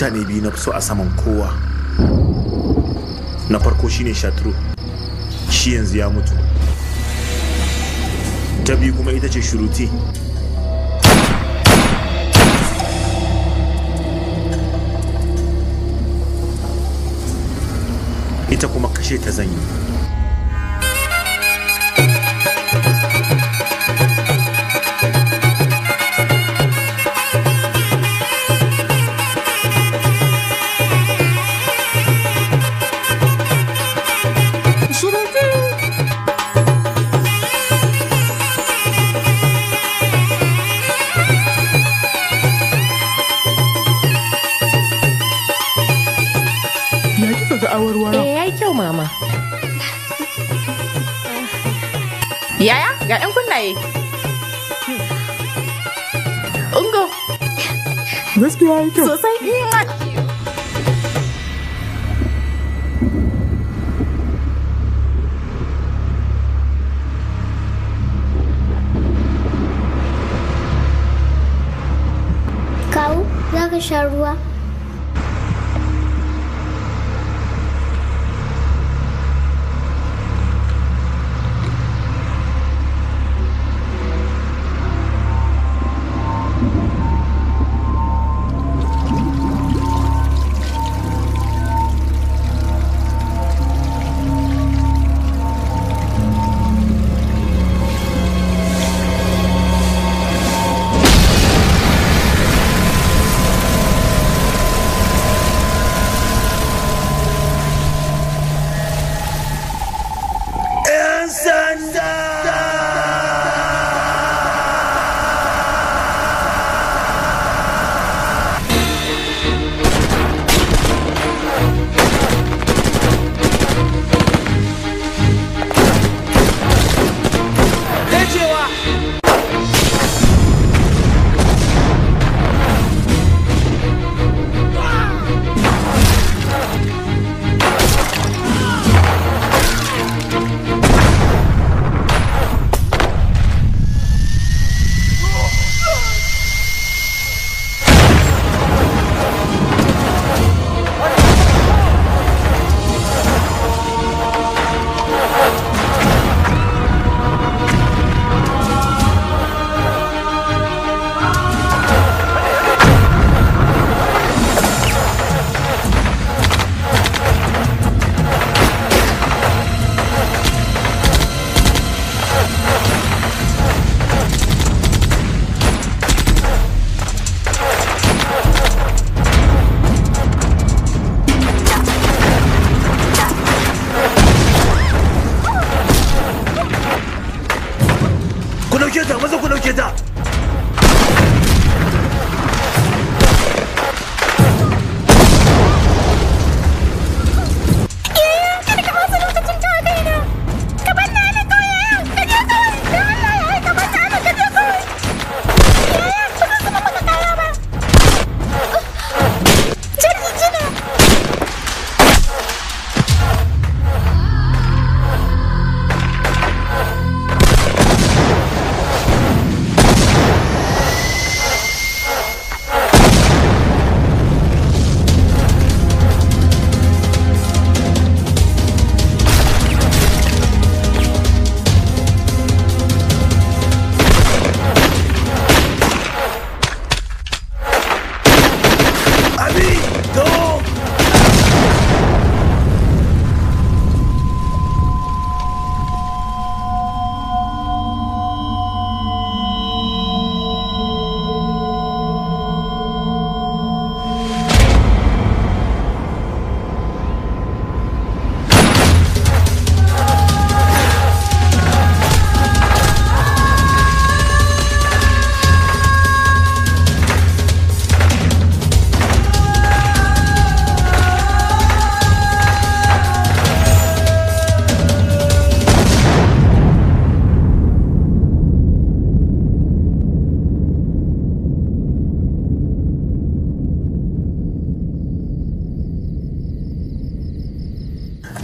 mutane biyu na so a saman kowa na farko shine shatru shi yanzu ya mutu ta biyu kuma ita ce shuruti ita kuma kashe ta zanyi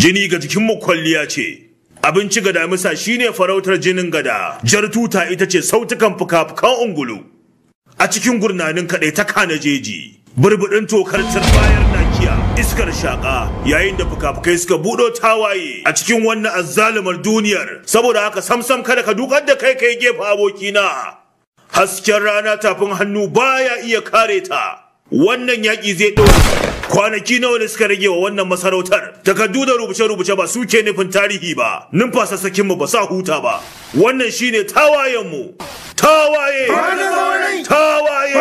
jini ga jikin mu kwalliya ce abinci ga damisa shine farautar jinin gada jar tuta ita ce sautukan fuka-fukan ungulu a cikin gurnanin kaɗai ta kana jeji burbudin tokar turbayar nakiya iskar shaƙa yayin da fuka-fukai suka buɗo tawaye a cikin wannan azzalumar duniyar saboda haka samsam kada ka dukar da kai kai gefe abokina hasken rana tafin hannu baya iya kare ta wannan yaƙi zai ɗora kwanaki nawa ne suka rage wa wannan masarautar takardu da rubuce-rubuce ba su ke nufin tarihi ba numfasa sakinmu ba sa huta ba wannan shine tawayenmu tawaye tawaye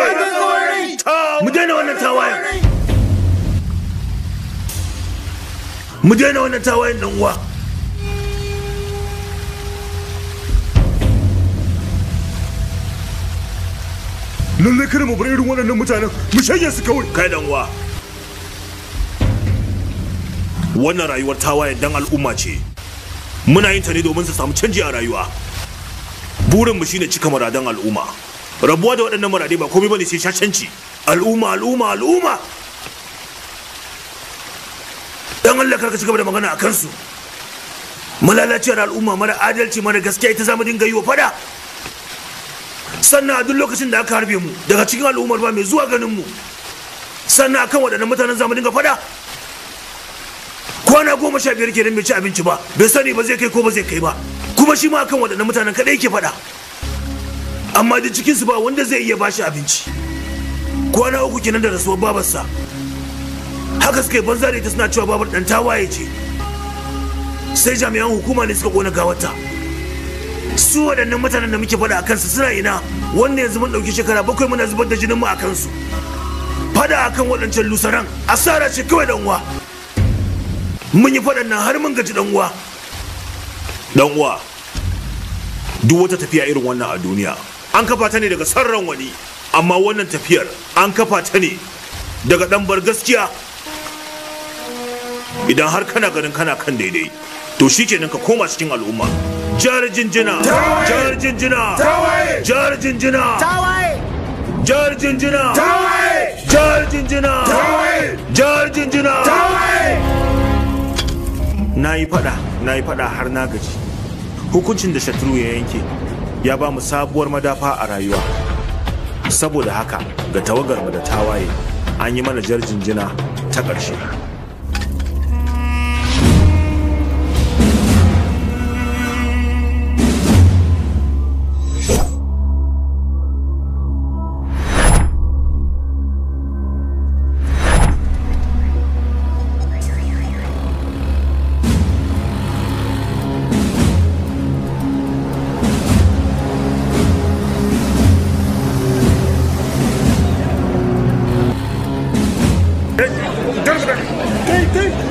mu daina wannan tawayen mu daina wannan tawayen dan uwa lallai kada mu bar irin waɗannan mutanen mu shanye su kawai kai dan uwa wannan rayuwar tawaye dan al'umma ce muna yin ta ne domin su samu canji a rayuwa burin burinmu shine cika muradan al'umma rabuwa da waɗannan muradai ba komai bane sai shashanci al'umma al'umma al'umma dan Allah ka cigaba da magana a kansu malalaciyar al'umma mara adalci mara gaskiya ita zamu dinga yi wa fada sannan a duk lokacin da aka harbe mu daga cikin al'ummar ba mai zuwa ganin mu sannan akan waɗannan mutanen zamu dinga faɗa kwana goma sha biyar kenan bai ci abinci ba bai sani ba zai kai ko ba zai kai ba kuma shi ma akan waɗannan mutanen kaɗai ke faɗa amma duk cikinsu ba wanda zai iya bashi abinci kwana uku kenan da rasuwar babarsa haka suka yi banza da ita suna cewa babar ɗan tawaye ce sai jami'an hukuma ne suka ƙona gawarta su wadannan mutanen da muke faɗa a kansu suna ina wanda yanzu mun ɗauki shekara bakwai muna zubar da jinin mu a kansu faɗa a kan waɗancan lusaran asara ce kawai dan uwa mun yi faɗan nan har mun gaji dan uwa dan uwa duk wata tafiya irin wannan a duniya an kafa ta ne daga sarran wani amma wannan tafiyar an kafa ta ne daga ɗan bar gaskiya idan har kana ganin kana kan daidai to shikenan ka koma cikin al'umma Jarjin jina. Jarjin jinjina Jarjin jinjina Jarjin jina. Jarjin jinjina Jarjin jinjina na yi fada na yi fada har na gaji hukuncin da shatru ya yanke ya ba mu sabuwar madafa a rayuwa saboda haka ga tawagar mu da tawaye an yi mana jarjin jina ta ƙarshe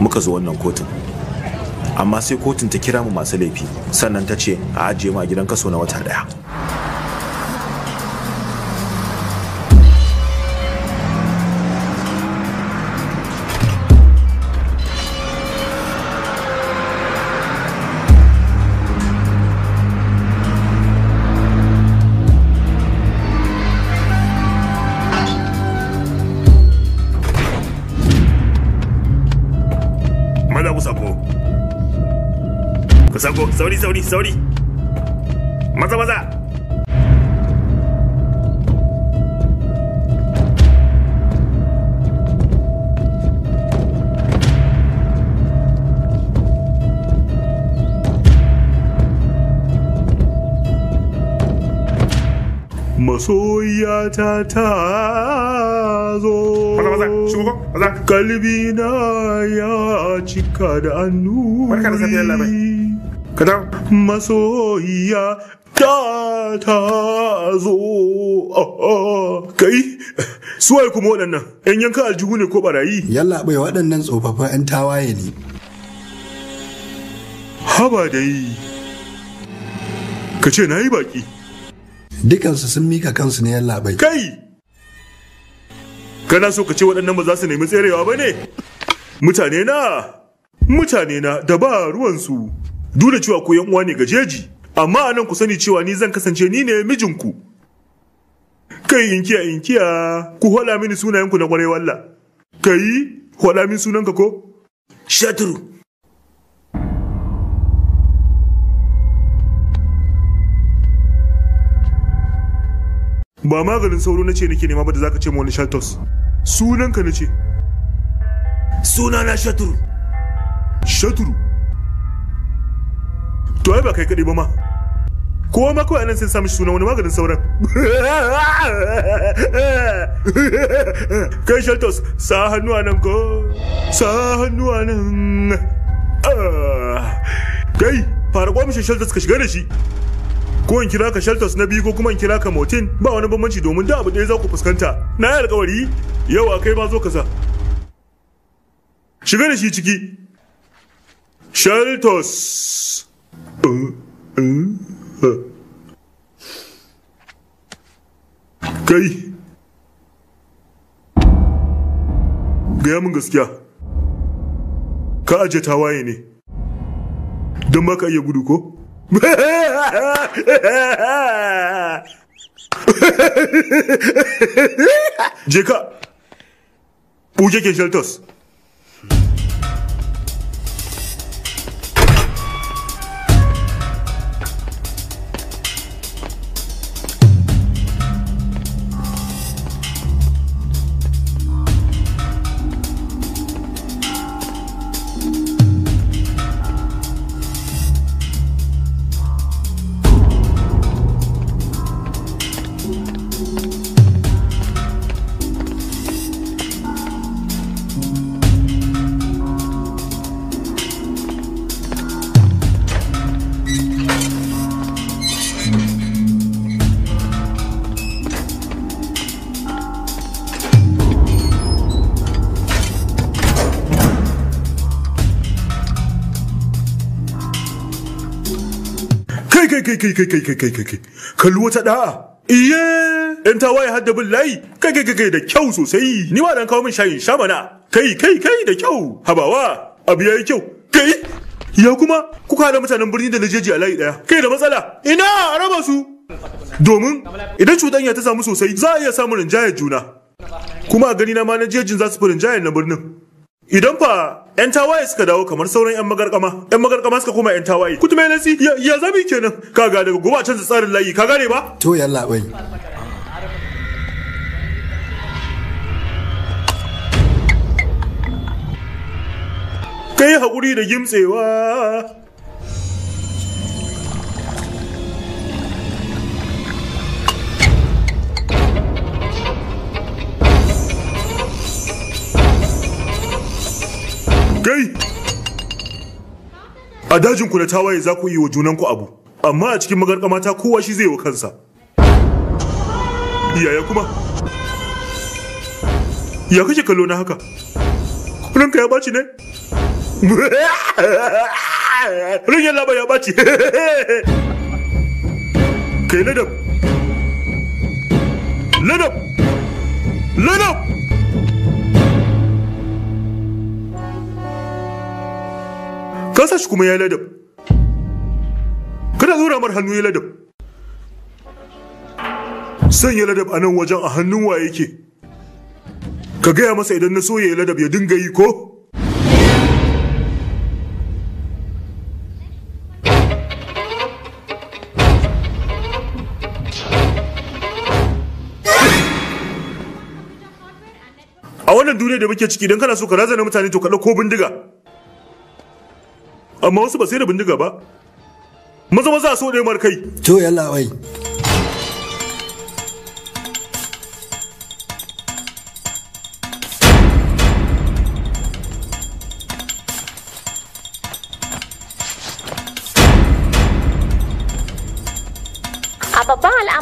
muka zo wannan kotun amma sai kotun ta kira mu masu laifi sannan ta ce a ajiye mu a gidan kaso na wata daya sauri sauri maza maza masoyata ta zo kalbina ya cika da annuri ka dawo masoyiya ta ta zo ah, ah. kai suwai kuma waɗannan yan yanka aljihu ne ko barayi yalla bai waɗannan tsofaffin yan tawaye ne haba dai ka ce na yi baƙi dukansu sun mika kansu ne yalla bai kai kana so ka ce waɗannan ba za su nemi tserewa ba ne mutane na mutane na da ba ruwansu duk cewa ku yan uwa ne gajeji amma anan ku sani cewa ni zan kasance ni ne mijinku kai inkiya inkiya ku hola mini sunayenku na kwarai walla kai hola min sunanka ko shaturu ba maganin sauro na ce nake nema ba da zaka ce mu wani shatos sunanka na ce suna na shaturu shaturu to ai ba kai kaɗai ba ma kowa ma kawai nan sai sami suna wani maganin sauran kai sheltos sa hannu nan ko sa hannu nan ah. kai fara kwamishin sheltos ka shiga da shi ko in kira ka sheltos na biyu ko kuma in kira ka motin ba wani bambanci domin da abu ɗaya za ku fuskanta na yi alkawari yau a kai ma zo ka sa shiga da shi ciki sheltos Kai! Gaya min gaskiya, ka aje tawaye ne, don ba ka iya gudu ko? Je ka, ke shelters. kai kai kai kai kai kai kai kai kalli wata da'a iye ɗan tawaye hadda bin layi kai kai kai da kyau sosai ni ma dan kawo min shayin sha mana kai kai kai da kyau habawa abu yayi kyau kai ya kuma kuka da mutanen birni da najeji a layi daya kai da matsala ina a raba su domin idan ya ta samu sosai za a iya samun rinjayar juna kuma a gani na ma najejin za su fi rinjayar na birnin idan fa yan tawaye suka dawo kamar sauran yan magarkama yan magarkama suka koma yan tawaye kutume nasi ya zabi kenan kaga daga gobe canza tsarin layi ka gane ba to yalla bai kai hakuri da gimtsewa Kai! A dajin ku na tawaye za ku yi wa junanku abu, amma a cikin magarkamata kowa shi zai wa kansa. Yaya kuma? Ya kake kallo na haka? Ranka ya ɓaci ne? Rinyan laba ya ɓaci. Kai ladab! Ladab! Ladab! ka sa shi kuma ya ladab kada zura mar hannu ya ladab sanya ladab a nan wajen a hannun wa yake ka gaya masa idan na so ya ladab ya dinga yi ko a wannan duniya da muke ciki don kana so ka razana mutane to ka ɗauko bindiga amma wasu ba sai da bindiga ba maza maza so da kai to yalla wai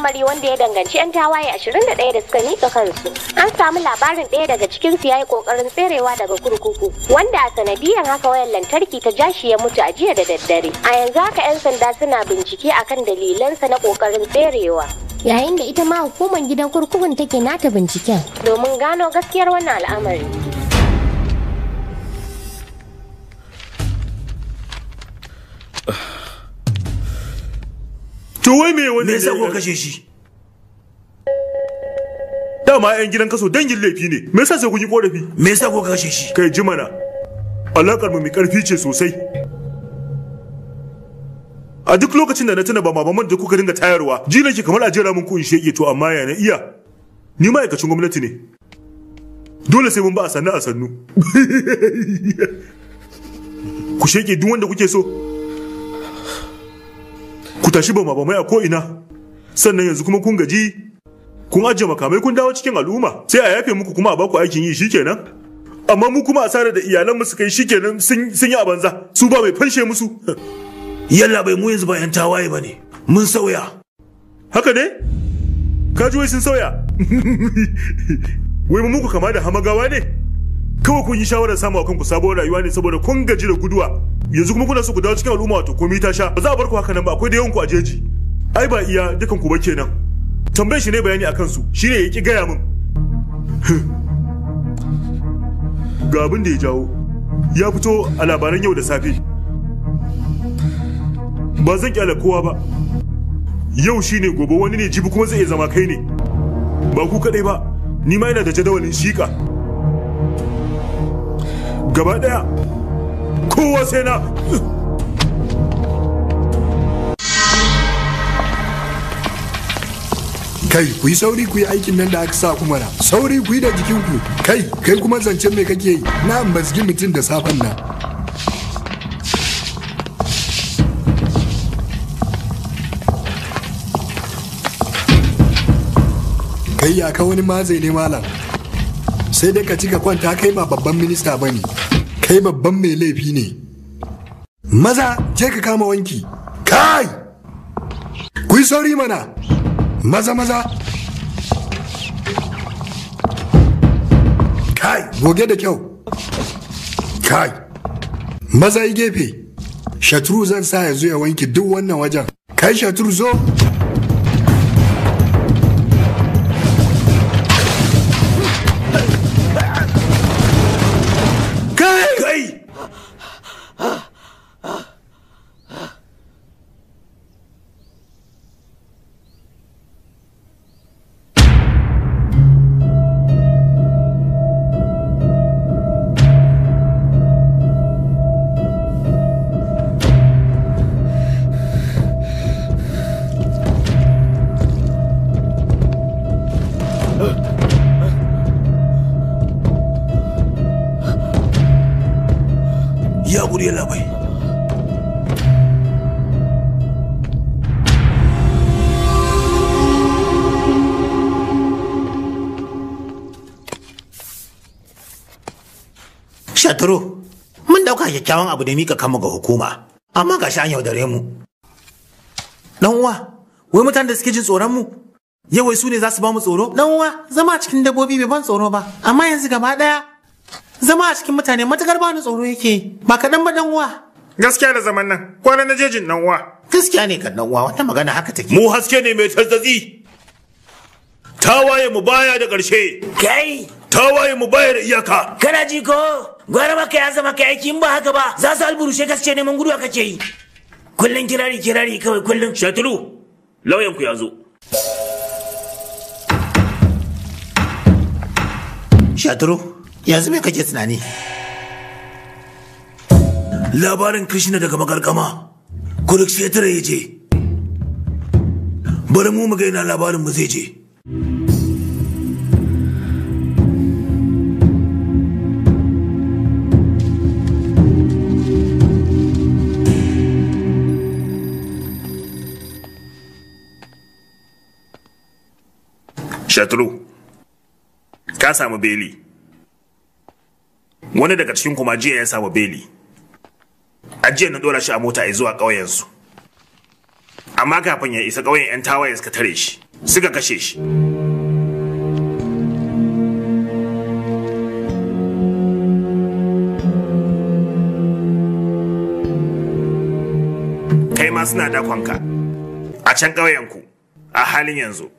al'amari wanda ya danganci 'yan tawaye 21 da suka miƙa kansu. An samu labarin ɗaya daga cikin su yayi ƙoƙarin tserewa daga kurkuku, wanda a sanadiyar haka wayar lantarki ta jashi ya mutu a jiya da daddare. A yanzu haka 'yan sanda suna bincike akan dalilansa na ƙoƙarin tserewa. Yayin da ita ma hukumar gidan kurkukun take nata binciken. Domin gano gaskiyar wannan al'amari. to wai me wani me yasa ko kashe shi dama yan gidan kaso dangin laifi ne me yasa sai kun yi korafi me yasa ko kashe shi kai ji mana alakar mu mai karfi ce sosai a duk lokacin da na tuna ba maman da kuka dinga tayarwa ji nake kamar a jera mun kun shege to amma ya na iya ni ma'aikacin gwamnati ne dole sai mun ba a sannu a sannu ku shege duk wanda kuke so tashi ba mabamai a ko'ina sannan yanzu kuma kun gaji kun ajiye makamai kun dawo cikin al'umma sai a yafe muku kuma a baku aikin yi shikenan amma mu kuma asarar da iyalan mu suka kai shikenan sun yi a banza su ba mai fanshe musu yalla bai mu yanzu ba yan tawaye bane mun sauya haka ne ka ji wai sun sauya wai muku kama da hamagawa ne kawai kun yi shawarar samu a kanku sabon rayuwa ne saboda kun gaji da guduwa yanzu kuma kuna so ku dawo cikin al'umma to komai ta sha ba za a bar ku haka nan ba akwai da yawan ku a jeji ai ba iya dukan ku ba kenan tambayar shi ne bayani akan su shine ya ki gaya min ga abin da ya jawo ya fito a labaran yau da safe ba zan kyala kowa ba yau shine gobe wani ne jibi kuma zai iya zama kai ne ba ku kadai ba ni ma yana da jadawalin shika gaba daya kowa kai ku yi sauri ku yi aikin nan da aka sa ku mana sauri ku yi da jikinku kai kai kuma zance mai kake yi na mazgi mutum da safen nan kai ya ka wani mazai ne malam sai dai ka ci ka kwanta kai ba babban minista bane ne kai babban mai laifi ne maza je ka kama wanki kai ku yi sauri mana maza maza kai goge da kyau kai maza yi gefe shatru zan sa ya zo ya wanke duk wannan wajen kai shatru zo ya guri shaturu mun dauka kyakkyawan abu da mika kama ga hukuma amma shi an yaudare mu dan uwa wai mutanen da suke jin tsoron mu yawai su ne za su ba mu tsoro dan uwa zama a cikin dabbobi bai ban tsoro ba amma yanzu gaba daya zama a cikin mutane matakar ba ni tsoro yake ba kaɗan ba dan uwa gaskiya da zaman nan kwana na jejin dan uwa gaskiya ne ga dan uwa wata magana haka take mu haske ne mai tazzazi tawaye mu baya da ƙarshe kai tawaye mu baya da iyaka kana ji ko gwara maka ya zama kai aiki in ba haka ba za su alburushe ka ce neman gudu kake yi kullum kirari kirari kawai kullum. shatulu lauyan ku ya zo shaturu yanzu me kake tunani? Labarin Krishna daga magargama, Kurukshi ya ya je. Bari mu mu gaina labarin mu zai je. Shatru. ka samu beli wani daga cikin kuma jiya ya samu beli a na dora shi a mota ya zuwa ƙauyensu amma kafin ya isa ƙauyen 'yan tawaye suka tare shi suka kashe shi kai ma suna dakonka a can ƙauyenku a halin yanzu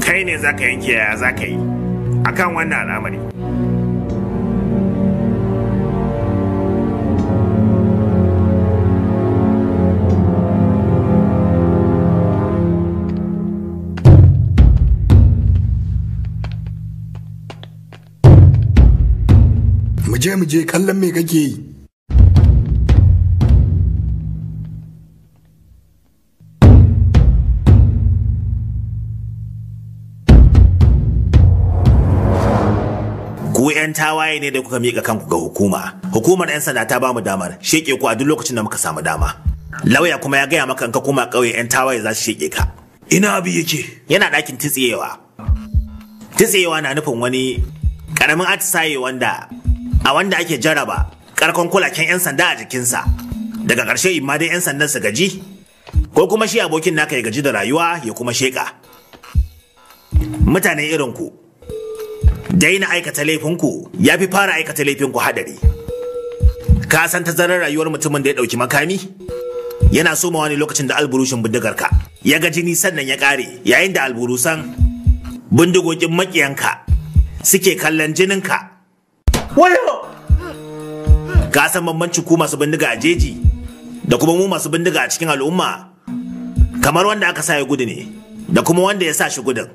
kai ne za ka yanke yaya za ka yi akan wannan al'amari mu je mu je kallon me kake yi tawaye ne da kuka miƙa kanku ga hukuma hukumar 'yan sanda ta bamu damar sheke ku a duk lokacin da muka samu dama lauya kuma ya gaya maka in ka koma ƙauye 'yan tawaye za su sheƙe ka ina abi yake yana ɗakin titsiyewa titsiyewa na nufin wani ƙaramin atisaye wanda a wanda ake jaraba ƙarkon kulaken 'yan sanda a jikinsa daga ƙarshe ma dai 'yan sandan su gaji ko kuma shi abokin naka ya gaji da rayuwa ya kuma sheƙa mutane irin ku daina aikata laifinku ya fi fara aikata laifinku hadari ka san tazarar rayuwar mutumin da ya ɗauki makami yana so somawa ne lokacin da alburushin bindigar ka. ya ga jini sannan ya ƙare yayin da alburusan bindigogin makiyanka. suke kallon jininka wayo ka san bambanci ku masu bindiga a jeji da kuma mu masu bindiga a cikin al'umma kamar wanda aka sa ya gudu ne da kuma wanda ya sa shi gudun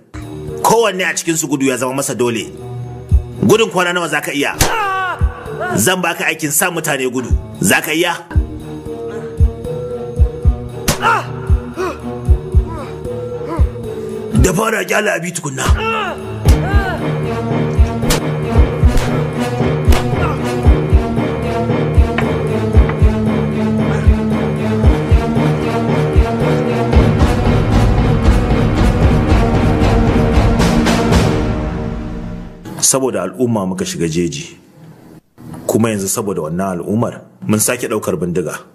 kowanne a cikin su gudu ya zama masa dole gudun kwana nawa zaka iya zan baka aikin sa mutane gudu zaka iya da fara kyala abi tukunna saboda al'umma muka shiga jeji kuma yanzu saboda wannan al'ummar mun sake ɗaukar bindiga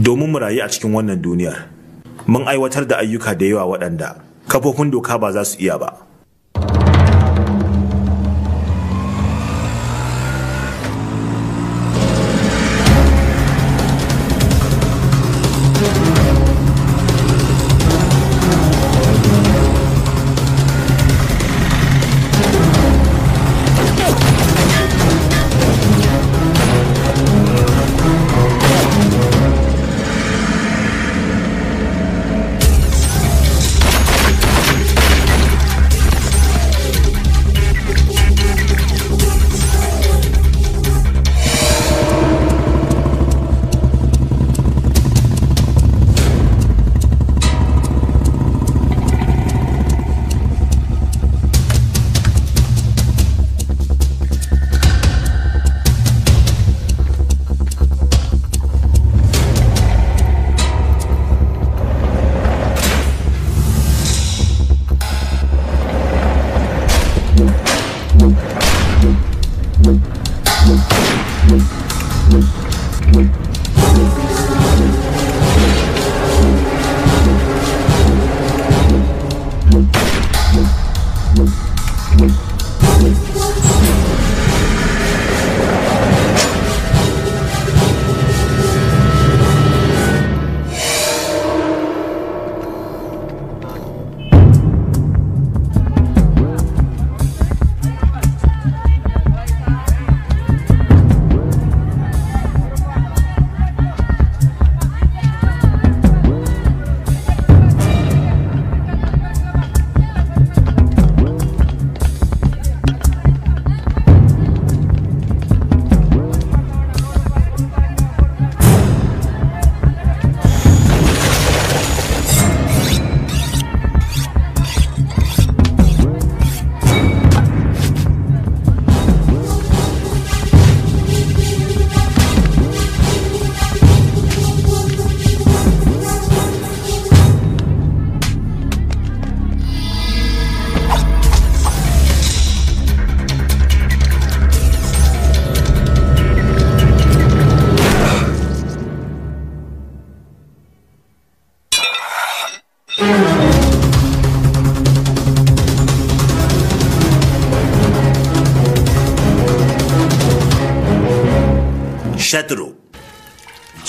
domin mu rayu a cikin wannan duniyar mun aiwatar da ayyuka da yawa waɗanda kafofin doka ba za su iya ba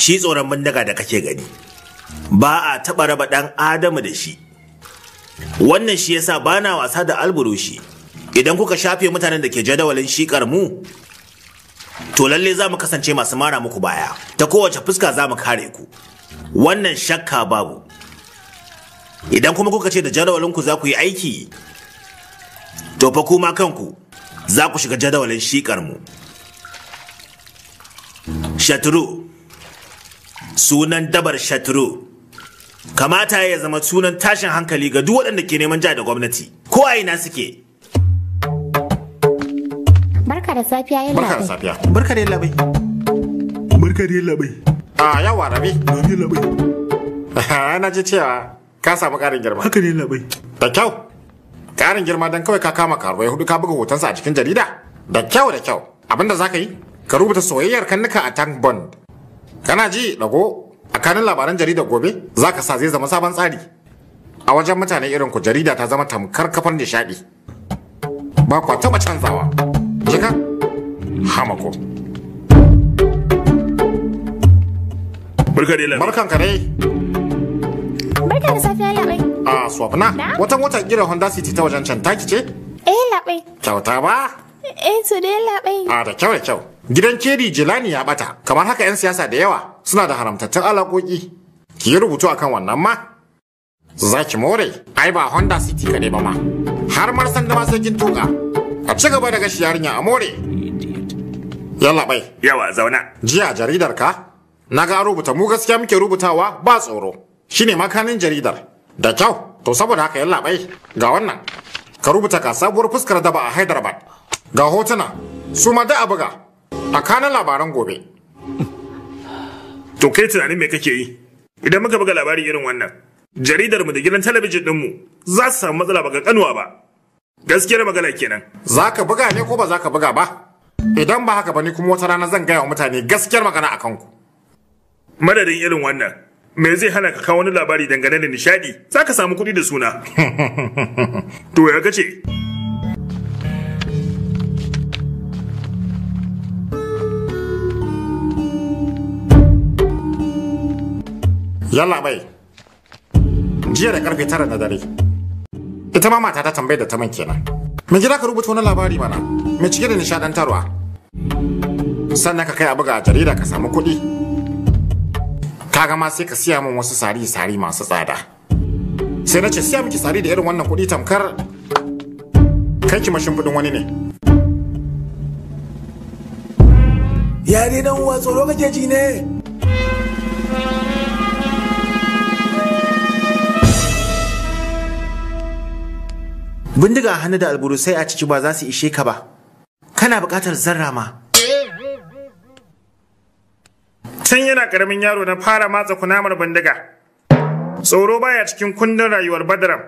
shi tsoron bindiga da kake gani ba a taɓa raba ɗan adamu da shi wannan shi yasa ba na wasa da alburushi idan kuka shafe mutanen da ke jadawalin shiƙar mu to lalle za mu kasance masu mara muku baya ta kowace fuska za mu kare ku wannan shakka babu idan kuma kuka ce da jadawalin ku za ku yi aiki to fa kuma kanku za ku shiga jadawalin shiƙar mu shatru sunan dabar shatro kamata ya zama sunan tashin hankali ga duk waɗanda ke neman ja da gwamnati ko a ina suke barka da safiya yalla barka da safiya barka da yalla bai barka da yalla bai a ah, yawa rabi rabi yalla bai na ji cewa ka samu ƙarin girma haka ne bai da kyau ƙarin girma don kawai ka kama ya hudu ka buga hotonsa a cikin jarida da kyau da kyau abinda za ka yi ka rubuta soyayyar kannuka a tank bond Kana ji dago a kanin labaran jarida gobe za ka sa zai zama sabon tsari. A wajen mutane irin ku jarida ta zama tamkar kafar nishaɗi. Ba kwa taɓa canzawa. Jika? Hamako. Barka dai Barkan ka dai. Barka da safiya labai. A swapna watan watan irin Honda City ta wajen can taki ce? Eh labai. Kyauta ba? Eh su dai labai. A da kyau da kyau. Gidan Keri Jilani ya bata, kamar haka 'yan siyasa da yawa suna da haramtattun alaƙoƙi. Ki yi rubutu kan wannan ma? Za ki more, ai ba Honda City ka ba ma. Har mar san ma sai tuka. a ci gaba da gashi yarinya a more. Yalla bai. Yawa zauna. Jiya jaridar ka? Na ga rubuta mu gaskiya muke rubutawa ba tsoro. Shine makanin jaridar. Da kyau, to saboda haka yalla bai. Ga wannan. Ka rubuta ka sabuwar fuskar daba a Hyderabad. Ga hotuna. Su ma da a buga. a kanan labaran gobe to kai tunanin me kake yi idan muka buga labari irin wannan jaridar mu da gidan talabijin ɗinmu za su samu matsala ba kanuwa ba gaskiyar magana kenan za ka buga ne ko ba za ka buga ba idan ba haka ba ni kuma wata rana zan gaya wa mutane gaskiyar magana a kanku madadin irin wannan me zai hana ka kawo wani labari dangane da nishaɗi? za ka samu kuɗi da suna to ya kace yalla bai jiya da karfe tara na dare ita ma mata ta tambayar da ta man kenan me gida ka rubuta wani labari mana me cike da nishadantarwa sannan ka kai a buga jarida ka samu kuɗi kaga ma sai ka siya min wasu sari-sari masu tsada sai na ce siya miki sari da irin wannan kuɗi tamkar kai ki mashin fudin wani ne yare dan uwa tsoro kake ji ne bindiga hannu da alburusai a ciki ba za su ishe ka ba kana bukatar zarra ma tun yana karamin yaro na fara matsa kunamar bindiga tsoro baya cikin kundin rayuwar badaram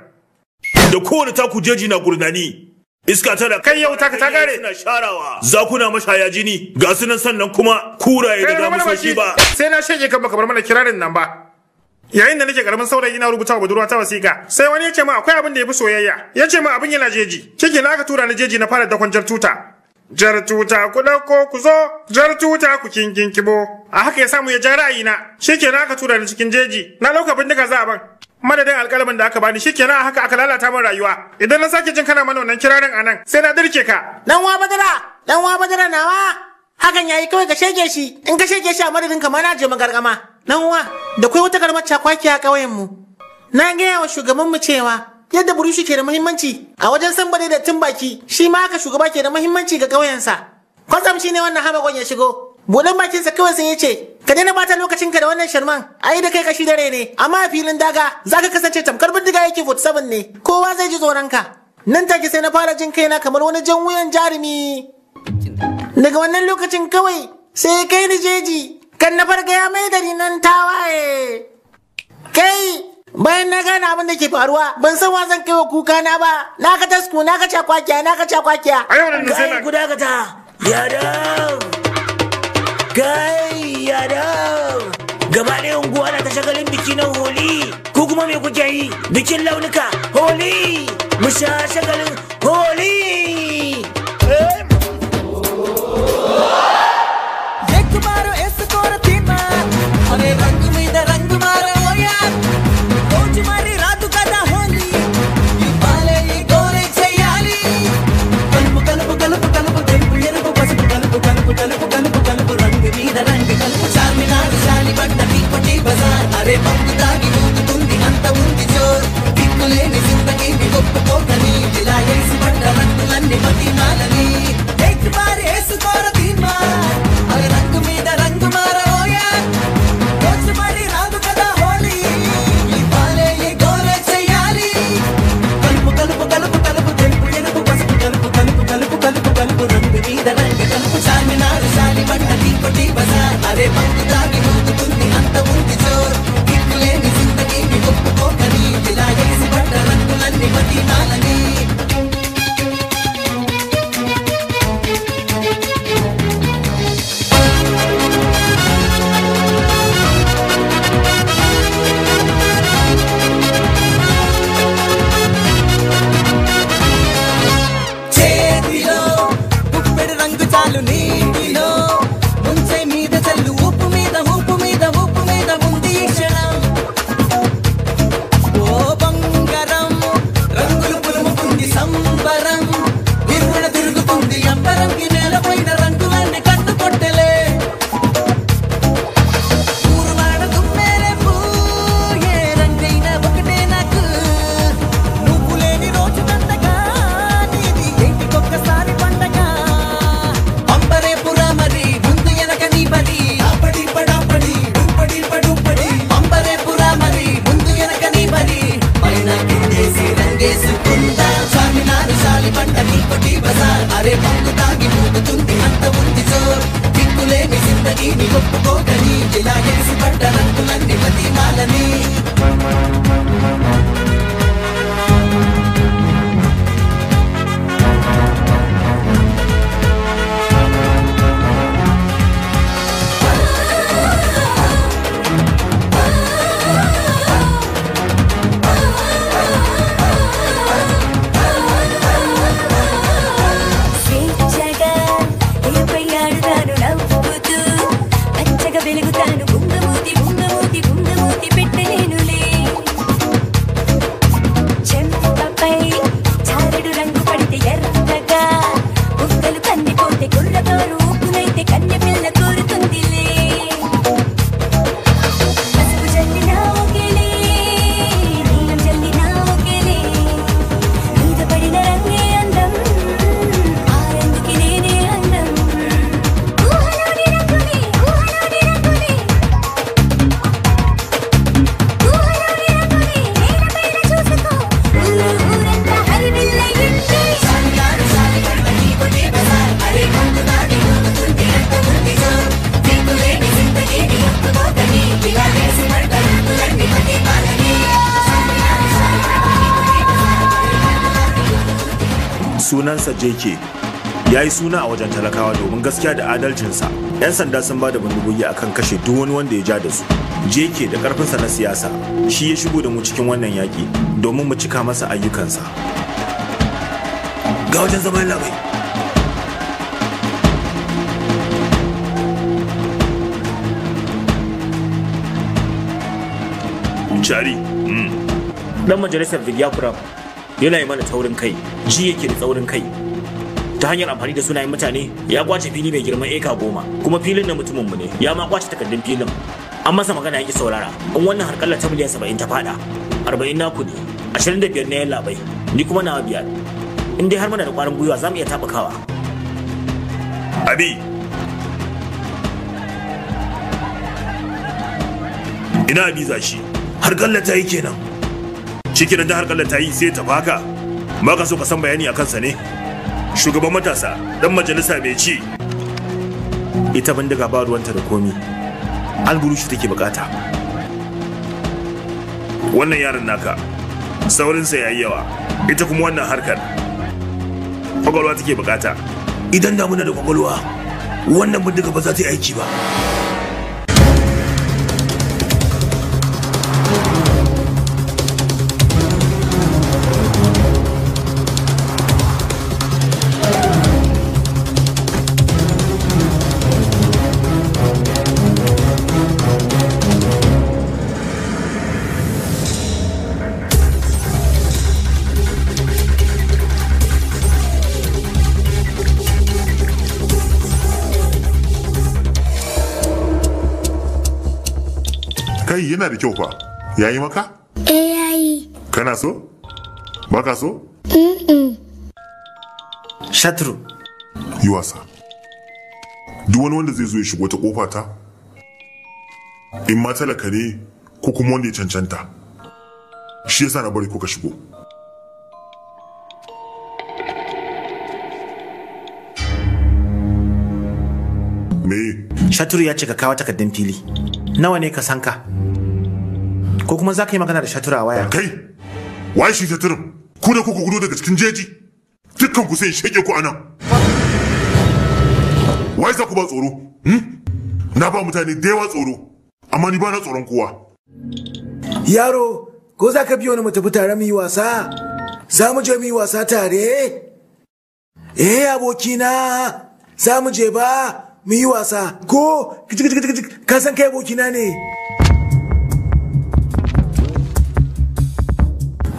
da kowane taku jeji na gurnani iska tana kai yau ka ta kare suna sharawa zakuna mashaya jini ga sunan sannan kuma kuraye da damu ba sai na shege ka baka bar mana kirarin nan ba yayin da nake karamin saurayi na rubuta wa budurwa ta wasiƙa sai wani ya ce ma akwai abin da ya soyayya ya ce ma abin yana jeji kike na aka tura ni jeji na fara dakon jar tuta jar tuta ku dauko ku zo jar tuta ku kingin kibo a haka ya samu ya ja na. shike na aka tura ni cikin jeji na ɗauka bindiga za a ban madadin alƙalamin da aka bani shikenan a haka aka lalata min rayuwa idan na sake jin kana mana wannan kirarin anan sai na dirke ka dan wa badara dan wa badara nawa hakan yayi kawai ka shege shi in ka shege shi a madadin ka ma na je magargama ɗan uwa da kai wata karamar cakwaki a mu na gaya wa shugaban mu cewa yadda burushi ke da muhimmanci a wajen san bade da tun baki shi ma haka shugaba ke da muhimmanci ga ƙauyensa kwatsam shine ne wannan hamakon ya shigo bakin sa kawai sai yace ce ka daina bata lokacin ka da wannan sharman ai da kai kashi dare ne amma a filin daga zaka kasance tamkar bindiga yake 47 ne kowa zai ji tsoronka nan take sai na fara jin kaina kamar wani jan wuyan jarumi daga wannan lokacin kawai sai kai ni jeji kan na farga ya mai da nan ta waye kai bayan na gane abin da ke faruwa ban san wa zan wa kuka na ba na ka tasku na ka cakwakiya na ka cakwakiya kai guda gata. ya kai ya da. gaba ɗaya unguwa na ta shagalin biki na holi ku kuma me kuke yi bikin launuka holi mu sha shagalin holi Oh! కలుపు కలుపు కలుపు కలుపు రంగు మీద రంగు కలుపు చార్మినార్ జాలి పడ్డ పీపటి బజార్ అరే మందు దాగి ఊదుతుంది అంత ఉంది జోర్ దిక్కులేని జిందగీ ఒప్పుకోకని ఇలా వేసి పడ్డ రంగులన్నీ మదీనాలని ఎక్కి పారేసుకోరదు Medina, la suna a wajen talakawa domin gaskiya da adalcinsa yan sanda sun ba da bindigogi akan kashe duk wani wanda ya ja da su ke da karfinsa na siyasa shi ya shigo da mu cikin wannan yaƙi domin mu cika masa ayyukansa ga wajen zaman labai Chari. Hmm. Dan majalisar Vigyakuram yana yi mana taurin kai, ji yake da taurin kai. ta hanyar amfani da sunayen mutane ya kwace fili mai girman eka goma kuma filin na mutumin mu ne ya ma kwace takardun filin an masa magana yake saurara in wannan har kallata miliyan saba'in ta fada arba'in naku ne ashirin da biyar na yan labai ni kuma nawa biyar in dai har muna da kwarin gwiwa za mu iya tabakawa. abi ina biza shi har kallata yi kenan da har kallata yi sai ta baka ba so ka san bayani akan sa ne shugaban matasa dan majalisa mai ci ita bindiga ba ruwanta da komi an take bukata wannan yaron naka saurinsa ya yi yawa ita kuma wannan harkar kwakwalwa take bukata idan damuna da kwakwalwa wannan bindiga ba za ta yi aiki ba yana da kyau fa. ya yi maka? Eh Kana so? Baka so? Shatru. Yi wasa. Duk wani wanda zai zo ya shigo ta kofa ta? In ma talaka ne ko kuma wanda ya cancanta. Shi yasa na bari kuka shigo. Me? Shatru ya ce ka kawo takardun fili. Nawa ne ka sanka? ko kuma za ka yi magana da shatura waya kai waye shi shatura ku da kuka gudu daga cikin jeji dukkan ku sai shege ku anan waye za ku ba tsoro hmm? na ba mutane da yawa tsoro amma ni ba na tsoron kowa yaro ko za ka biyo ni mu tafi tare mu yi wasa za mu je mu yi wasa tare eh abokina za mu je ba mu yi wasa ko ka san kai abokina ne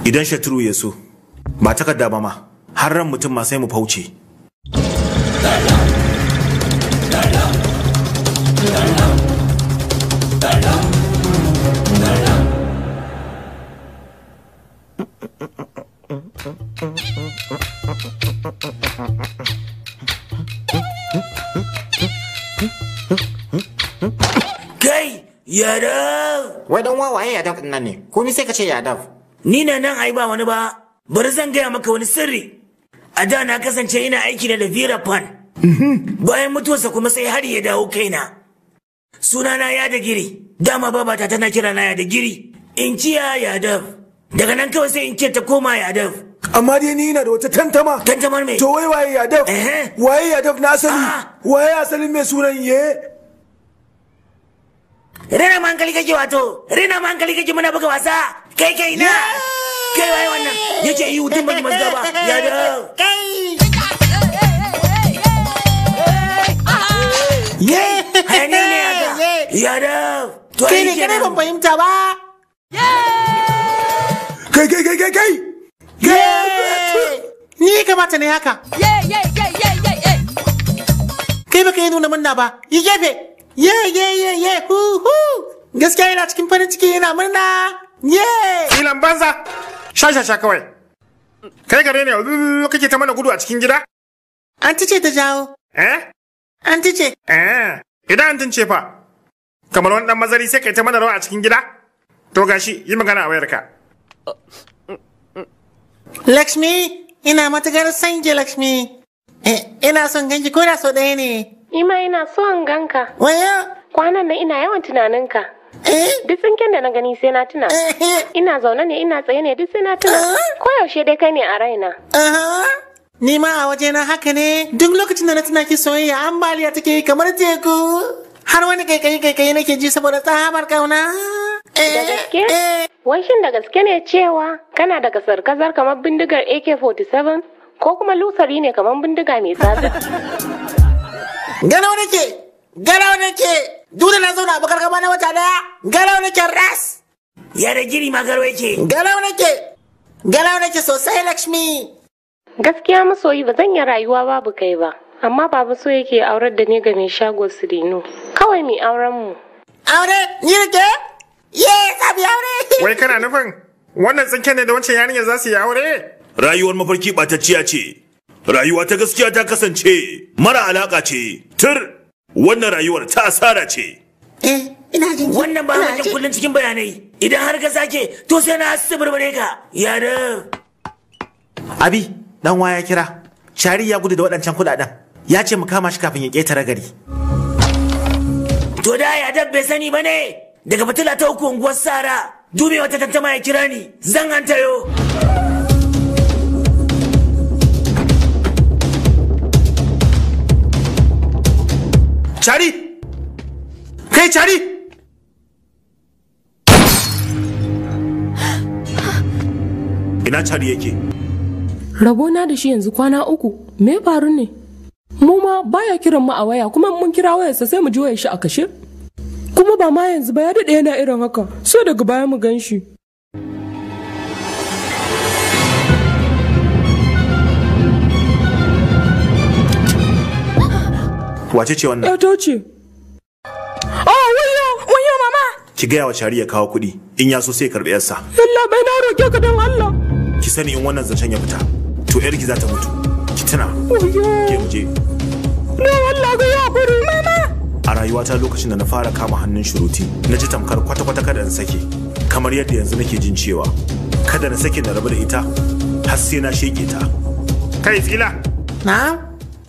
idan shatru ya so ba takarda ba ma har ran mutum ma sai mu fauce Kai! Yadav! Wai don wawaye Yadav ɗin nan ne, komi sai ka ce Yadav. ni na nan ai ba wani ba bari zan gaya maka wani sirri a da na kasance ina aiki da Vera Pan bayan mutuwarsa kuma sai har ya dawo kaina na ya da giri dama babata tana kira na ya da giri in ciya ya da daga nan kawai sai in ce ta koma ya da amma dai ni ina da wata tantama tantamar me to wai waye ya da waye ya da na asali ah. waye asalin mai sunan ye Rena mankali kake wato, rena mankali kake muna buga wasa, kai kai na kai wai wannan yake yi hutun baki masu gaba ya da ye hayani ne ya ya da to kai ne kai ban fahimta ba kai kai kai kai kai ni kamata ne haka kai baka yi nuna murna ba yi gefe ye ye ye ye hu hu gaskiya yana cikin farin ciki yana murna Filan banza! Sha sha sha kawai. Kai gare ne kake ta mana gudu a cikin gida? Anti ce ta jawo. Eh? Anti ce. Eh. Idan antin ce fa. Kamar wani dan mazari sai kai ta mana rawa a cikin gida? To gashi yi magana a wayarka. Lakshmi, ina matuƙar son ki Lakshmi. Eh, ina son ganki ko da so ɗaya ne. Ima ina son ganka. Waya? Kwanan nan ina yawan tunaninka. Eh? Duk tsinken da na gani sai na tuna. Eh, eh. Ina zaune ne ina tsaye ne duk sai na tuna. Koyaushe dai kai ne a raina. Ni ma a waje na haka ne duk lokacin da na tuna ki soyayya ambaliya take kamar teku. Har wani kai-kai-kai nake ji saboda tsabar kauna. Da gaske? Wai shin da gaske ne cewa kana da sarkazar kamar bindigar AK-47 ko kuma lusari ne kamar bindiga mai tsada? Gano nake garau nake duk da na zauna bakar gaba na wata daya garau nake ras ya da gini ma garau yake garau nake garau nake sosai lakshmi gaskiya masoyi ba zan yi rayuwa babu kai ba amma babu so yake aurar da ni ga mai shago sirinu kawai mai auren mu aure ni nake ye sabi aure wai kana nufin wannan tsinken ne da wancan yarinya za su yi aure rayuwar mafarki ɓatacciya ce rayuwa ta gaskiya ta kasance mara alaka ce tur wannan rayuwar ta asara ce eh, wannan ba hajjin kullum cikin bayanai idan har ka sake to sai na hasu barbare ka Yare. abi dan waya kira shari ya gudu da waɗancan kuɗaɗen ya ce mu kama shi kafin ya ƙetare gari to da ya dab bai sani ba ne daga fitila ta uku unguwar sara dube wata tantama ya kira ni zan hantayo Cari! Kai cari! Ina cari yake? Rabona da shi yanzu kwana uku, me faru ne? Mu ma baya kiran mu a waya kuma mun kira wayarsa sai mu ji wayar shi a kashe. Kuma ba ma yanzu ba ya daɗe yana irin haka, sai daga baya mu gan shi. wace ce wannan ta ce oh wuyo, wuyo mama ki gaya wa shari'a kawo kuɗi in ya so sai karɓi yarsa Allah bai na roke ka don Allah ki sani in wannan zancen ya fita to yarki za ta mutu ki tuna ke mu je no Allah ga ya mama a rayuwata lokacin da na fara kama hannun shuruti na ji tamkar kwata-kwata kada in sake kamar yadda yanzu nake jin cewa kada na sake na rabu da ita har sai na sheke ta kai fila na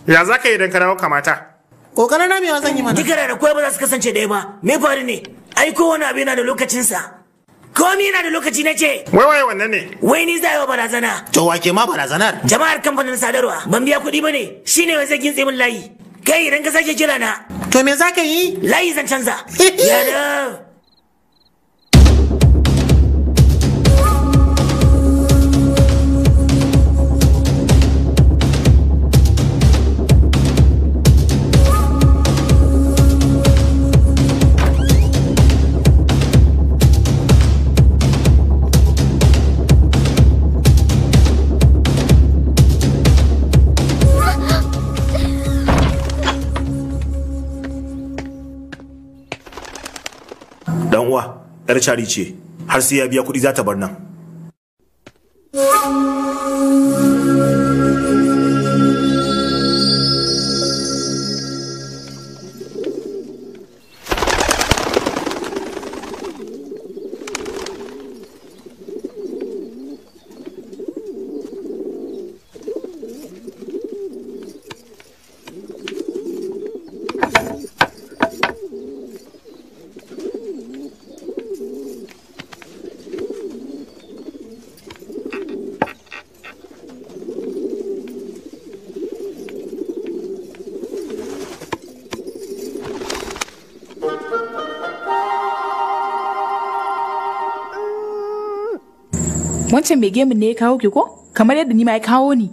ya za ka yi don ka dawo kamata kokarin ramewa zan yi mana digara da kowa ba za su kasance ɗaya ba me faru ne ai kowane abu yana da lokacinsa komi yana da lokaci na ce wai wai wannan ne wai ni za yi wa barazana to wake ma barazanar jama'ar kamfanin sadarwa ban biya kuɗi ba ne Shi ne wai zai gintse min layi kai idan ka sake kira na to me za ka yi layi zan canza yadda yawa yar cari ce har sai ya biya kuɗi za ta bar nan macen mai gemun ne ya kawo ki ko kamar yadda ni ma ya kawo ni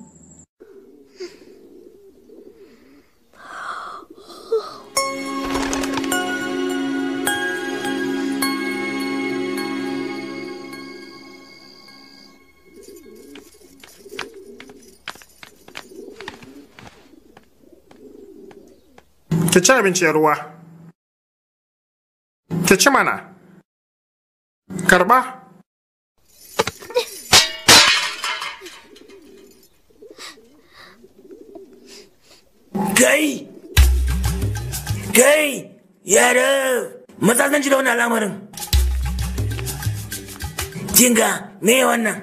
ki ci abinci ruwa ki ci mana karba yaro maza zan ji da wannan al'amarin kinga me wannan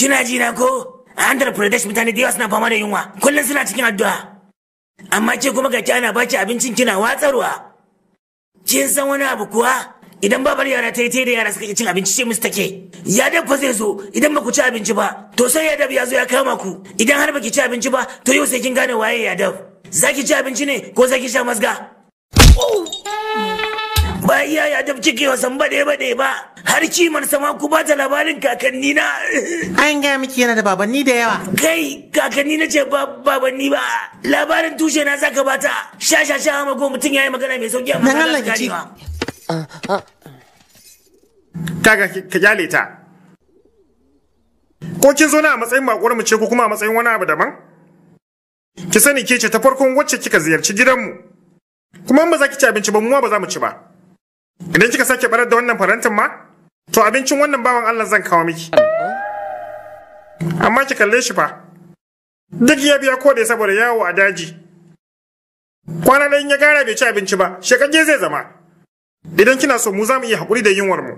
kina ji na ko a Andhra Pradesh mutane da yawa suna fama da yunwa kullum suna cikin addu'a amma ke kuma ga ana baki abincin kina watsarwa kin san wani abu kuwa idan babar yara ta yi ta da yara suka cin abinci ce musu take ya fa zai zo idan ba ku ci abinci ba to sai ya dab ya zo ya kama ku idan har ba ki ci abinci ba to yau sai kin gane waye ya dab za ki ci abinci ne ko za ki sha masga bayan ya jab cikewa san bade bade ba har kimar sama ku ba ta labarin kakanni na an ga miki yana da babanni da yawa kai kakanni na ce babanni ba labarin tushe na zaka bata sha sha sha mago mutum yayi magana mai sauki amma Allah ya kaga ka jale ta ko kin zo na a matsayin bakuwar mu ce ko kuma a matsayin wani abu daban ki sani ke ce ta farkon wacce kika ziyarci gidanmu kuma ba za ki ci abinci ba mu ba za mu ci ba Idan kika sake barar da wannan farantin ma, to abincin wannan bawan Allah zan kawo miki. Amma ki kalle shi fa. Duk ya biya ko da saboda yawo a daji. Kwana ɗayan ya gara bai ci abinci ba, shekage zai zama. Idan kina so mu za mu iya haƙuri da yunwar mu.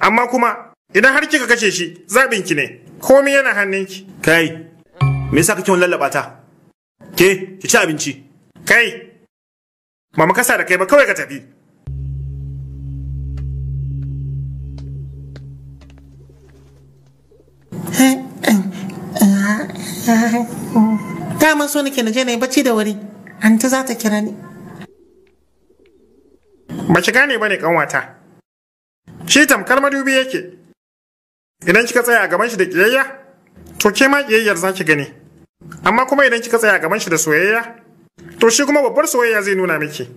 Amma kuma idan har kika kashe shi, zaɓin ki ne. Komai yana hannunki. Kai, me yasa kake lallaɓa ta? Ke, ki ci abinci. Kai, mama kasa da kai ba kawai ka tafi. daman so nake na je na yi bacci da wuri an za ta kira ni ba ki gane ba ne kanwata shi tamkar madubi yake idan kika tsaya a gaban shi da kiyayya to ke ma kiyayyar za ki gani amma kuma idan kika tsaya a gaban shi da soyayya to shi kuma babbar soyayya zai nuna miki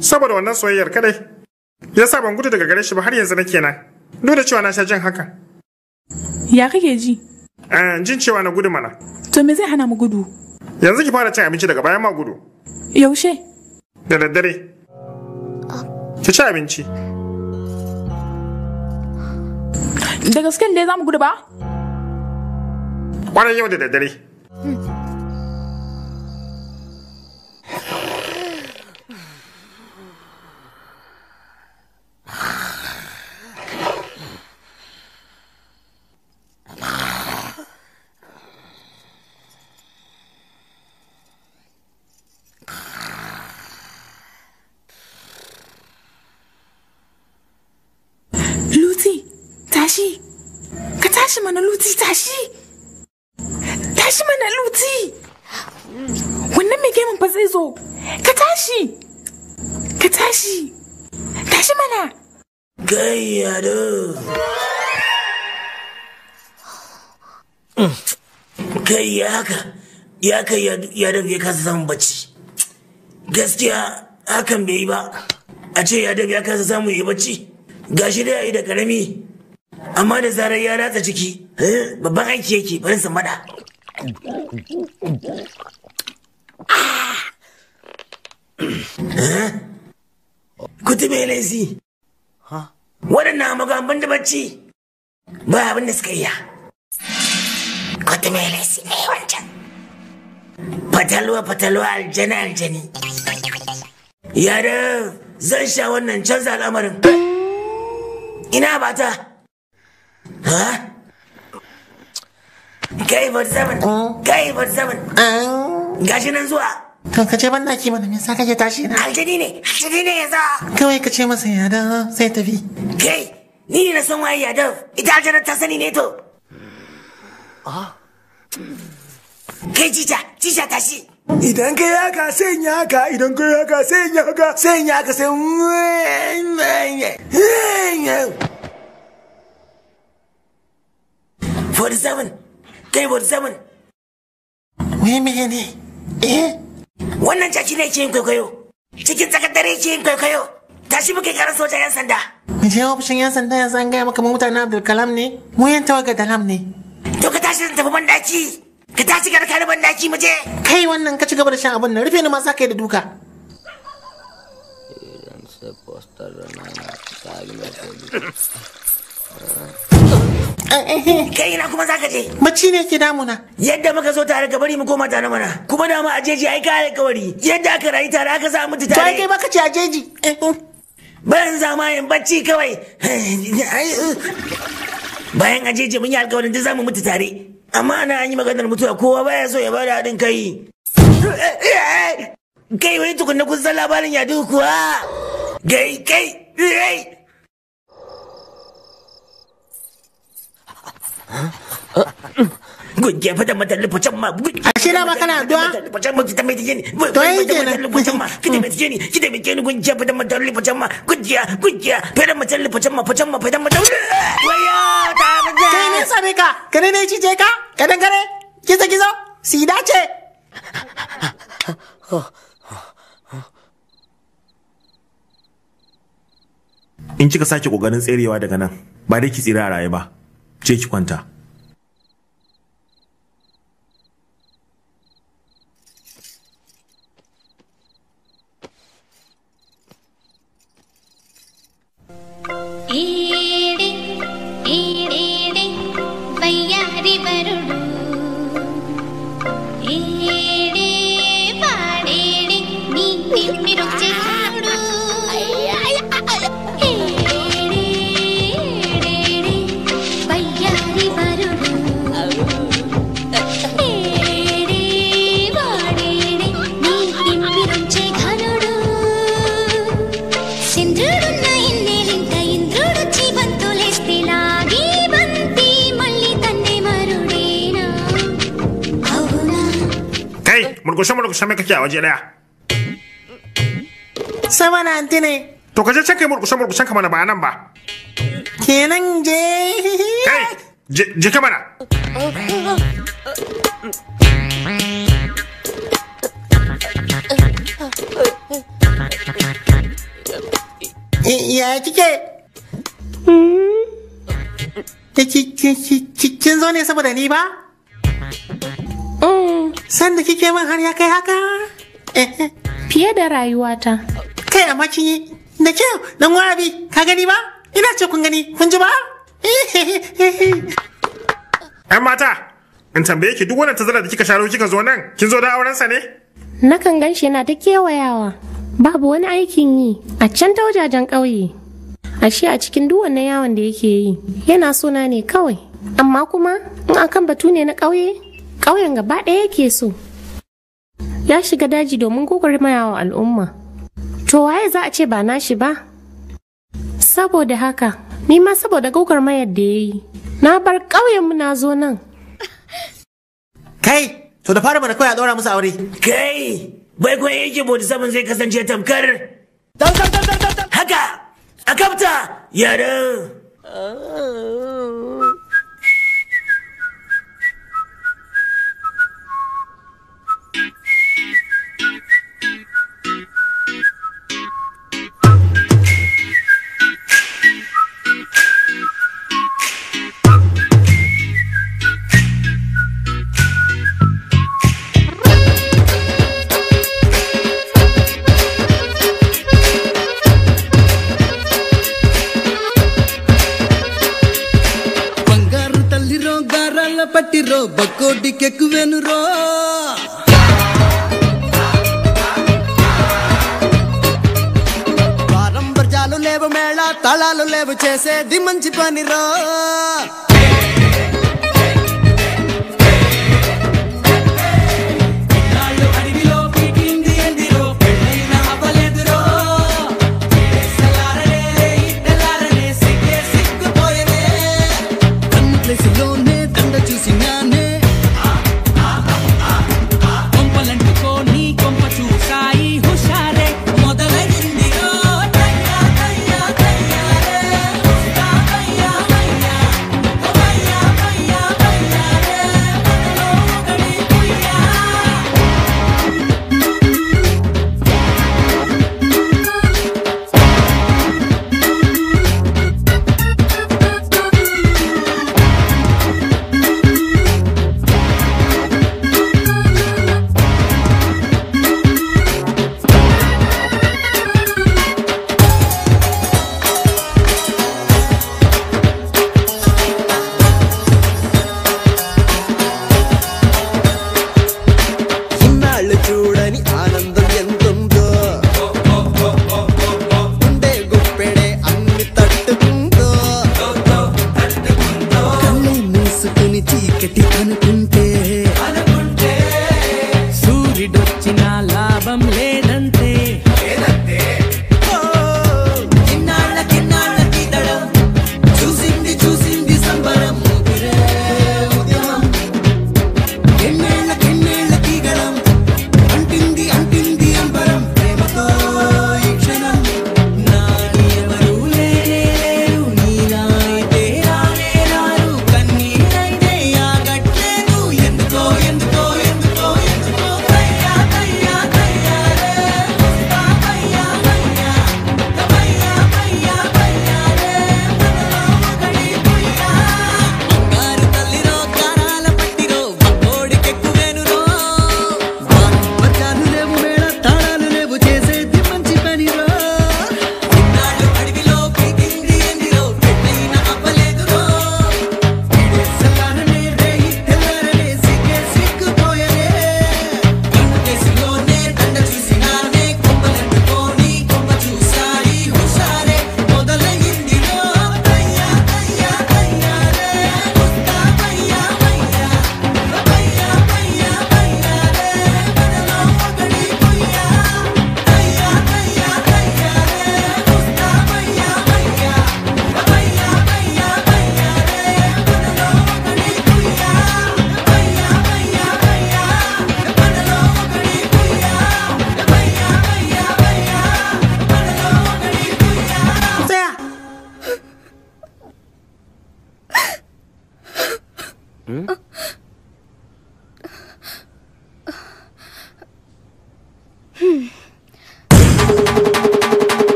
saboda wannan soyayyar kadai ya sa ban gudu daga gare shi ba har yanzu nake nan duk da cewa na sha jin haka ya kake ji Eh, jin cewa na gudu mana. To me zai hana mu gudu? Yanzu ki fara cin abinci daga bayan ma gudu. Yaushe? Da daddare. Ki ci abinci. Da gaske ne za mu gudu ba? Kwanan yau da daddare. zo ka tashi ka tashi tashi mana gayyado hmm. kai ya haka ya kai ya dabe ya kasa samun bacci gaskiya hakan bai yi ba a ce ya dabe ya kasa samun yi bacci gashi da ya yi da karami amma da zarar ya ratsa ciki eh, babban aiki yake barin sa mada ah bai laizi waɗannan magaban da bacci ba abin da suka iya bai laizi ne wancan fatalwa fatalwa aljani aljani yare zan sha wannan canza al'amarin ina ba ta ha kai bar zaman kai bar gashi nan zuwa kan ka je ban daki mana me yasa kake tashi na aljani ne aljani ne yanzu kawai ka ce masa ya da sai tafi kai ni ne na son waye ya da ita aljanar ta sani ne to ah. kai jija jija tashi Idan ka yi haka sai in haka, idan ka yi haka sai in yi haka, sai in yi haka sai Forty-seven, kai seven Wai mene ne? Eh? wannan caci ne ke yin kwaikwayo cikin tsakar dare ke yin kwaikwayo tashi muke karar sojan yan sanda ni je ofishin yan sanda yanzu an gaya maka mu mutanen abdul kalam ne mu yan tawaga dalam ne to ka tashi tafi bandaki ka tashi ka kare bandaki mu je kai wannan ka ci gaba da shan abin nan rufe ni ma za ka yi da duka postar kai ina kuma zaka je bacci ne ke damuna yadda muka zo tare ka bari mu koma tare mana kuma da mu ajeji ai ka alƙawari yadda aka rayu tare aka sa mutu tare kai baka ce ajeji eh, eh. ban zama yin bacci kawai eh. bayan ajeji mun yi alƙawarin duk zamu mutu tare amma ana an yi maganar mutuwa kowa baya so ya bada haɗin kai kai wai tukunna kun san labarin yadu kuwa kai kai Gujje fa mata ma. Ashe ba kana addu'a? Lufucin ma kita mai tijeni. To yayi kenan. kita mai Kita mai fa da mata ma. ma ma mata. ta Kai ne sabe ka? kai ne cije ka? kare? Kiza kiza? Si dace. In kika sake kokarin tserewa daga nan, ba dai ki tsira a rayuwa ba. je ki kwanta da murgushe mai kake a waje daya saboda anti ne to ka je can kai murgushe murgushen kamar ba nan ba kenan je kai je mana ya kike hmm? kin zo ne saboda ni ba? Sanda kike min har ya kai haka? Eh, eh. Fiye da rayuwata. Kai amma makiyi, Da kyau, dan warabi, ka gani ba? Ina ce kun gani, kun ji ba? ‘Yan mata, in tambaye ki duk wannan tazara da kika sharo kika zo nan, kin zo da aurensa ne? Nakan gan shi yana ta kewayawa, babu wani aikin yi a can ta wajajen ƙauye. Ashe a cikin duk wannan yawon da yake yi, yana suna ne kawai, amma kuma in akan batu ne na ƙauye, ƙauyen gaba ɗaya yake so ya shiga daji domin gwagwarmaya wa al'umma to waye za a ce ba nashi ba saboda haka ni ma saboda gwagwarmayar da ya yi na bar ƙauyenmu na zo nan kai to da fara mana kawai a ɗora musu aure kai bai kuwa yake bodi saman zai kasance tamkar haka a kafta yaran ah. కోడికెక్కువెనురో వారం లేవు మేళ తళాలు లేవు చేసేది మంచి పని రా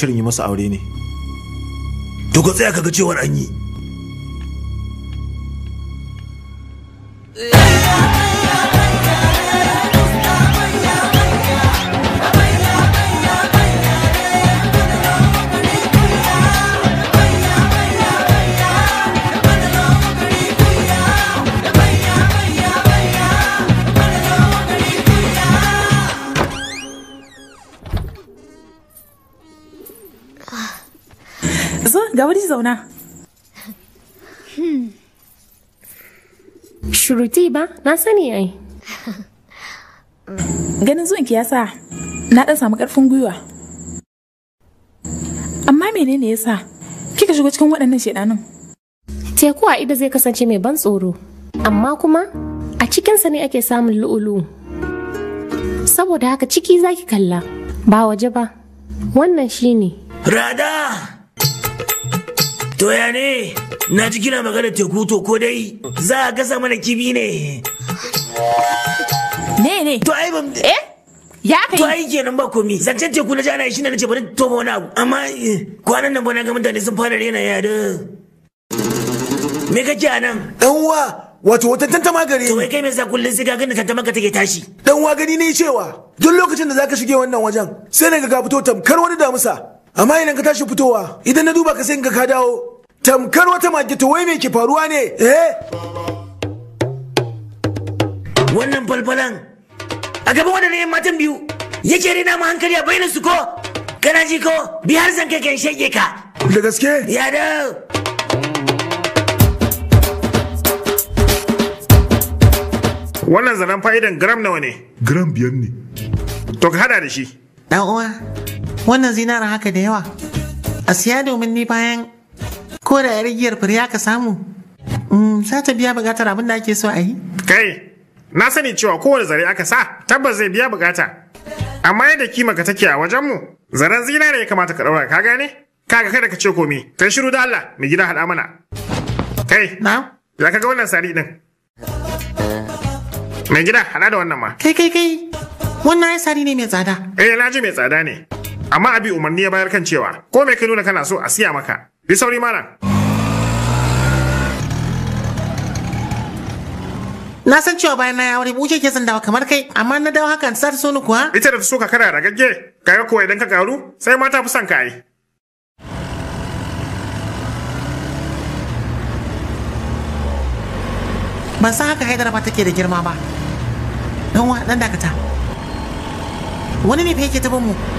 shirin yi masa aure ne to ka tsaya ga cewar an yi zauna. Hmm. Shuruti ba, na sani yi. Ganin zuwanki ya sa na ɗan samu ƙarfin gwiwa. Amma menene ya sa kika shiga cikin waɗannan shaidanin? Teku a ido zai kasance mai ban tsoro, amma kuma a cikinsa ne ake samun lu'ulu. Saboda haka ciki zaki kalla, ba waje ba, wannan shine. Rada! To ya ne? Na ji kina magana teku to ko dai za a gasa mana kibi ne. Ne ne. To ai ban Eh? Ya kai. To ai kenan ba komi. Zancen teku na ji ana shi ne na ce bari toba wani abu. Amma eh, kwanan nan ba na ga mutane sun fara rena da. Me kake a nan? Dan uwa, wato wata tantama gare ni. To kai me sa kullun sai ka gani tantama ka take tashi. Dan uwa, gani ne cewa duk lokacin da zaka shige wannan wajen sai naga ga fito tamkar wani damusa. amma idan ka tashi fitowa idan na duba ka sai ka dawo tamkar wata mage to wai me ke faruwa ne eh wannan balbalan a gaban waɗannan yan matan biyu yake rina mu hankali a bayyana su ko kana ji ko bi har zan kai kan shege ka da gaske ya da wannan zanen fa'idan gram nawa ne gram biyar ne to ka hada da shi dan uwa wannan zinara haka da yawa a siya domin ni bayan ko da yar giyar fure ka samu mm, za ta biya bukatar abin da ake so a yi kai na sani cewa kowane zare aka sa tabbas zai biya bukata amma yadda kima ka take a wajenmu zaren zinare ya kamata ka ɗaura ka gane kaga kada ka ce komi kai shiru da Allah mai gida haɗa mana kai na ya kaga wannan sari din mai gida haɗa da wannan ma kai kai kai wannan ya sari ne mai tsada eh na ji mai tsada ne amma abi umarni ya bayar kan cewa ko mai ka nuna kana so a siya maka bi sauri mana. na san cewa bayan na aure buce ke son dawa kamar kai amma na dawo hakan sa ta so ni kuwa ita da ta so ka kara ragagge kaga kuwa idan ka karu sai mata fi son ka yi ban san haka haidar ba take da girma ba dan wa dan dakata wani ne fa yake ta mu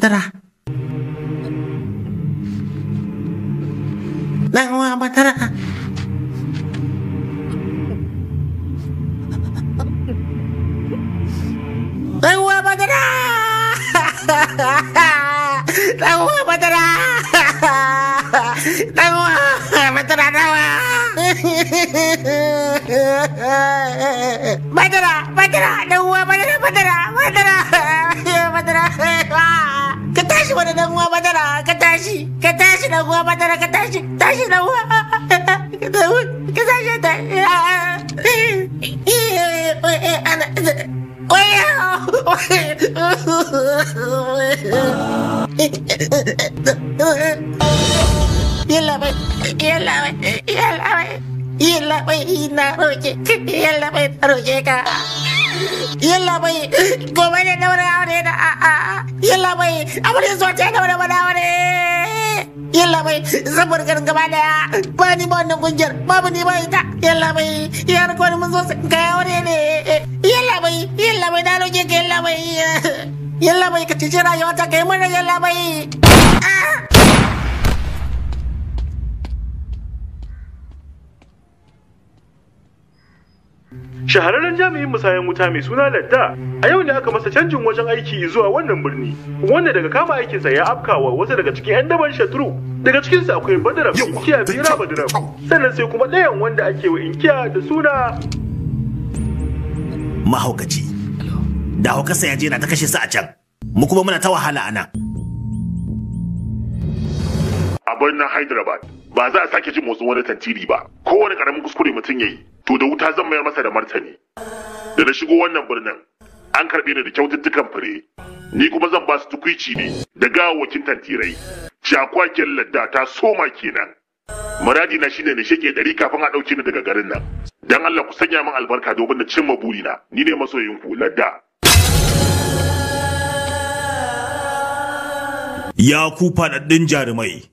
Antara saboda garin gaba daya ba ni ba wannan kungiyar babu ni ba ita yalla bai yar ko mun zo ga aure ne yalla bai yalla bai na roke ka yalla bai yalla bai ka tice rayuwa ta kai mun yalla bai shahararren jami'in musayan wuta mai suna ladda a yau ne aka masa canjin wajen aiki zuwa wannan birni wanda daga kama aikinsa ya afkawa wasu daga cikin 'yan daban shatru daga cikinsu akwai badara inkiya bera badarab sannan sai kuma ɗayan wanda ake wa inkiya da suna mahaukaci da haukarsa ya je na ta kashe su a can mu kuma muna ta wahala a nan a birnin hyderabad ba za a sake jin motsin wani tantiri ba kowane karamin kuskure mutum ya yi to da wuta zan mayar masa da martani da na shigo wannan birnin an karɓe ni da kyaututtukan fure ni kuma zan ba su tukwici ne da gawawwakin tantirai Cakwakin ladda ta soma kenan. Muradi na shine ne sheke ɗari kafin a ɗauke ni daga garin nan. Dan Allah ku sanya min albarka domin na cimma burina. Ni ne masoyin ku ladda. Ya ku faɗaɗɗin jarumai.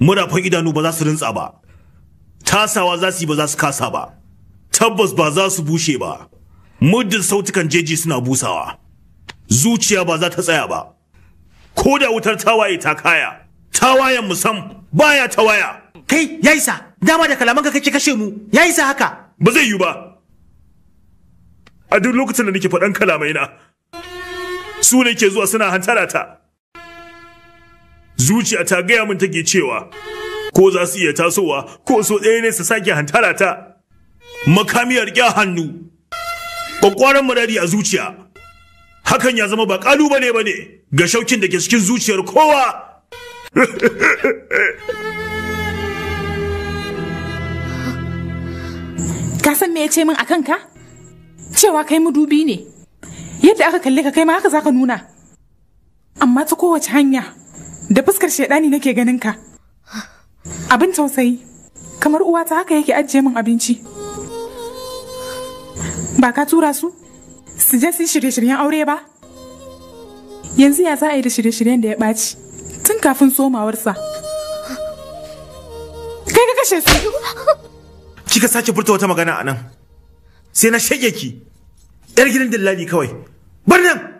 Murafan idanu ba za su rintsa ba. Tasawa za su yi ba za su kasa ba. Tabbas ba za su bushe ba. Muddin sautukan jeji suna busawa. Zuciya ba za ta tsaya ba. ko da wutar tawaye ta kaya tawayen musam baya tawaya kai ya sa. dama da kalaman ka kake kashe mu ya sa haka ba zai yi ba a duk lokacin da nake faɗan kalamai na su ne ke zuwa suna hantara ta zuciya ta gaya min take cewa ko za su iya tasowa ko so ɗaya ne su sake hantara ta makamiyar ƙya hannu ƙwaƙwaran murari a zuciya hakan ya zama ba kalu ba ne ga shaukin da ke cikin zuciyar kowa ka san me ya ce min a ka cewa kai madubi ne yadda aka kalle ka kai ma haka zaka nuna amma ta kowace hanya da fuskar shaidani nake ganin ka abin tausayi kamar uwata haka yake ajiye min abinci ba ka tura su su je su shirye-shiryen aure ba yanzu ya za a yi da shirye-shiryen da ya ɓaci tun kafin somawarsa kai ka kashe su kika sake furta wata magana a nan sai na shege ki yar gidan dillali kawai bar nan